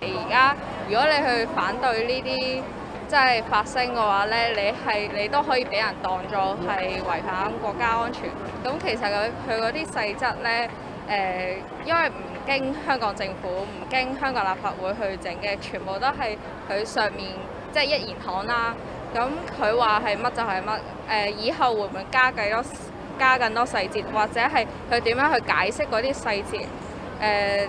而家如果你去反對呢啲即係發聲嘅話呢，你係你都可以俾人當做係違反國家安全。咁其實佢佢嗰啲細則呢，誒、呃，因為唔經香港政府、唔經香港立法會去整嘅，全部都係佢上面即係、就是、一言堂啦。咁佢話係乜就係乜。誒、呃，以後會唔會加計多加更多細節，或者係佢點樣去解釋嗰啲細節？誒、呃。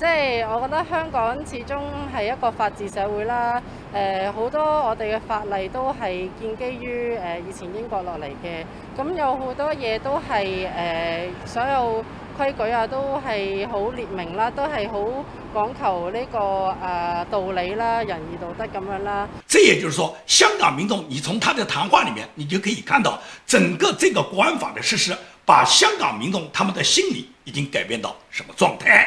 即係我覺得香港始終係一個法治社會啦。誒，好多我哋嘅法例都係建基於誒、呃、以前英國落嚟嘅。咁有好多嘢都係誒，所有規矩啊都係好列明啦，都係好講求呢個誒、啊、道理啦、仁義道德咁樣啦。這也就是說，香港民眾，你從他的談話裡面，你就可以看到整個這個國安法嘅實施，把香港民眾他們的心理已經改變到什麼狀態？